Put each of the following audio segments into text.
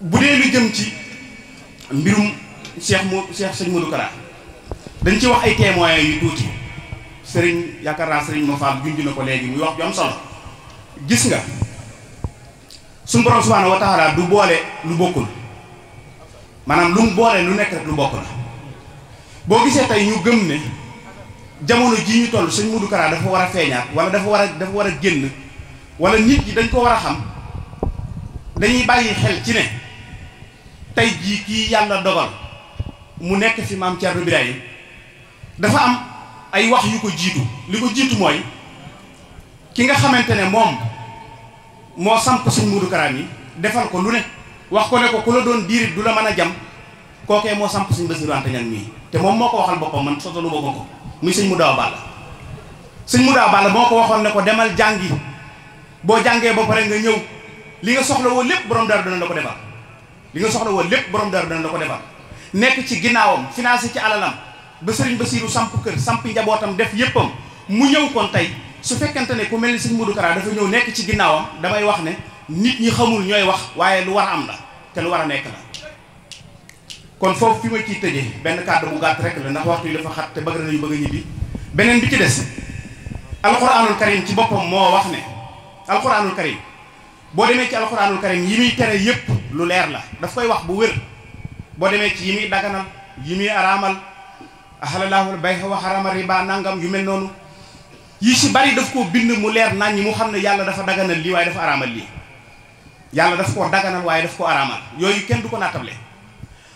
bu dee lu jëm ci mbirum cheikh mu cheikh sëñ Modou Kara dañ ci wax ay témoins yu tuuti sëriñ yaakaar naa sëriñ ma faam junj na ko léegi muy wax ju solo gis nga suñu borom subhaanahu wa taala du boole lu bokkul maanaam lu mu boole lu nekk rek lu bokk la boo gisee tey ñu gëm ne jamono ji ñu toll sëñ Modou Kara dafa war a feeñaat wala dafa war a dafa war a génn wala nit ñi dañ ko war a xam dañuy bàyyi xel ci ne tey jii kii yàlla dogal mu nekk fi maam Thierno yi dafa am ay wax yu ko jiitu li ko jiitu mooy ki nga xamante ne moom moo samp suñ Modou Kara yi defal ko lu ne wax ko ne ko ku la doon diir du la mën a jam kookee moo samp suñ Bassirou Anta Niang mii te moom moo ko waxal boppam man sotalu boppam ko muy sëñ Moudou Awa Balla sëñ Moudou Awa Balla moo ko waxoon ne ko demal jàngi boo jàngee ba pare nga ñëw li nga soxla woo lépp borom dara dana la ko defal li nga soxla woon lépp borom daaru dana la ko defal nekk ci ginnaawam financé ci alalam ba sëriñ Basiiru samp kër samp njabootam def yéppam mu ñëw kon tey su fekkente ne ku mel ni sëñ Modou dafa ñëw nekk ci ginnaawam damay wax ne nit ñi xamul ñooy wax waaye lu war am la te lu war a nekk la kon foofu fi ma ciy tëjee benn kàddu mu gàtt rek la ndax waxtu yi dafa xat te bëgg yi bëgg ñibbi beneen bi ci des alxuraanul karim ci boppam moo wax ne alxuraanul boo demee ci alxuraanul karim yi muy tere yépp lu leer la daf koy wax bu wér boo demee ci yi muy daganal yi muy araamal ahalalaahul bay wa harama riba nangam yu mel noonu yi si bari daf koo bind mu leer nañ ñi mu xam ne yàlla dafa daganal lii waaye dafa araamal lii yàlla daf koo daganal waaye daf ko araamal yooyu kenn du ko nattable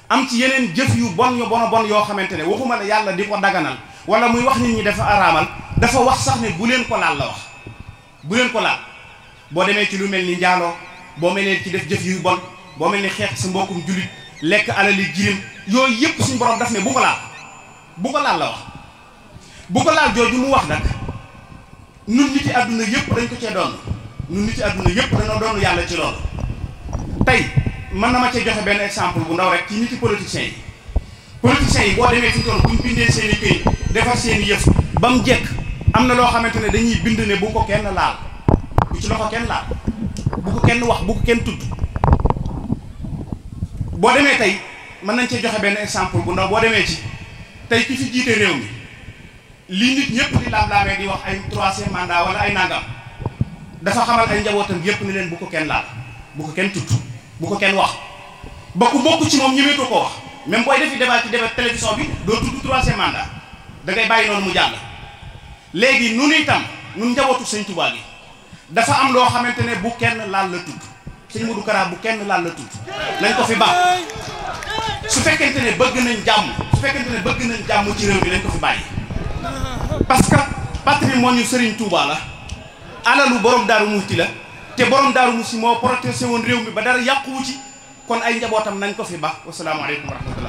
am ci yeneen jëf yu bon ñu bon yoo xamante ne waxuma la yàlla di ko daganal wala muy wax nit ñi dafa araamal dafa wax sax ne bu leen ko laal la bu leen ko boo demee ci lu mel ni njaaloo boo mel ne ci def jëf yu bon boo mel ni xeex si mbokkum jullit lekk alali jirim yooyu yëpp suñ borom daf ne bu ko laal bu ko laal la wax bu ko laal jooju mu wax nag nun nit ci àdduna yëpp dañ ko cee doon nun ci àdduna yëpp dañoo doon yàlla ci loolu tey mën na ma cee joxe benn exemple bu ndaw rek ci nit ci politiciens yi politiciens yi boo demee ci tool bu ñu bindee seen i këy defar seen yëf ba mu jekk am na loo xamante ne dañuy bind ne bu ko kenn laal bu ci loxo kenn laal bu ko kenn wax bu ko kenn tudd boo demee tey mën nañ cee joxe benn exemple bu ndaw boo demee ci tey ki ci jiite réew mi lii nit ñëpp di laa laamee di wax ay troisième mandat wala ay nangam dafa xamal ay njabootam yépp ni leen bu ko kenn laal bu ko kenn tudd bu ko kenn wax ba ku bokk ci moom ñëweetu ko wax même booy defi débat ci débat télévision bi doo tudd troisième mandat dangay bàyyi noonu mu jàll léegi nu ni itam nun njabootu sëñ Tuubaa gi dafa am loo xamante ne bu kenn laal la tudd sëñ Modou Kara bu kenn laal la tuuti nañ ko fi baax su fekkente ne bëgg nañ jàmm su fekkente ne bëgg nañ jàmm ci réew mi nañ ko fi bàyyi parce que patrimoine yu Serigne Touba la alalu borom Daaru Muxti la te borom Daaru Muxti moo protégé woon réew mi ba dara yàquwu ci kon ay njabootam nañ ko fi baax wasalaamualeykum wa rahmatulah